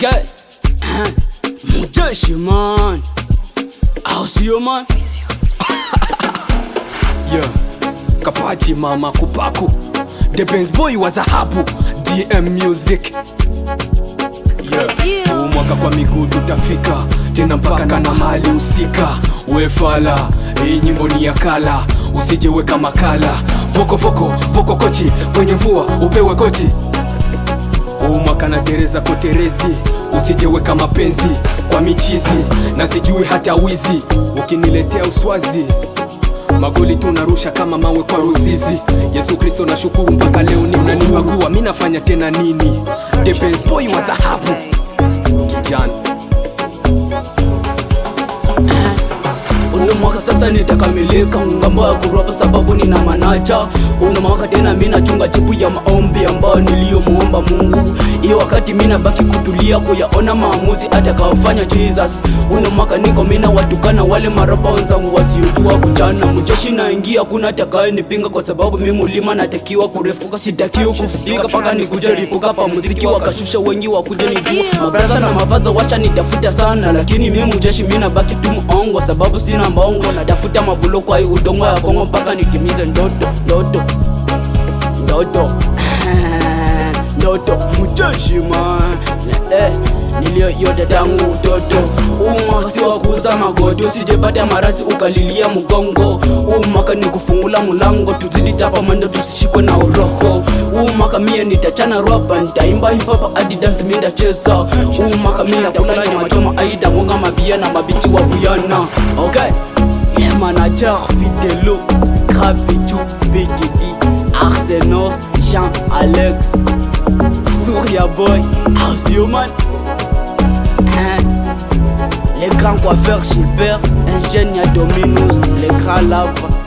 Okay, mjeshi man, au sio man? Yo, kapachi mama kupaku, Benz boy a hapu DM music. Yeah, umwaka kwa miguu tutafika tena mpaka na mahali husika. Wefala, hii nyimbo ni ya kala, usijeweka makala. Foko foko foko kochi, kwenye mvua upewe koti huu oh, mwaka na tereza koterezi, usijeweka mapenzi kwa michizi na sijui hata wizi, ukiniletea uswazi magoli tunarusha kama mawe kwa Ruzizi. Yesu Kristo, nashukuru mpaka leo ni unanipakua, mi nafanya tena nini? Depends boy wa dhahabu kijana sasa nitakamilika ngambo ya kuropa sababu nina manacha una mwaka tena, mimi nachunga jibu ya maombi ambayo niliyomuomba Mungu. Iyo wakati mimi nabaki kutulia kuyaona maamuzi atakayofanya Jesus. Una mwaka niko mimi na watukana wale marabonza wasiojua kuchana, mjeshi naingia, kuna atakaye nipinga kwa sababu mimi mulima natakiwa kurefuka, sitakiwa kufupika paka nikuje ripuka pa muziki wakashusha wengi wakuje nijua mabraza na mafaza washa nitafuta sana, lakini mimi mjeshi mimi nabaki tu sababu sina mbongo na natafuta mabulo kwa hii udongo ya Kongo mpaka nitimize ndoto ndoto ndoto ndoto muteshima eh, eh niliyoyote tangu utoto. Uma si wa kuuza magoti, usijepata marasi ukalilia mgongo. Umaka ni kufungula mulango, tuzidi chapa mwendo, tusishikwe na uroho. Umaka mie nitachana ropa, nitaimba hip hop hadi dance, mi ndacheza. Umaka mie nitakula nyama choma, aida mwanga mabia na mabichi wa buyana Fidelo, Krabitou, Begedi, Arsenos, Jean-Alex, Souria Boy, Arzioman. Hein? Les grands coiffeurs Gilbert, ingénieur Dominos, les grands lavres.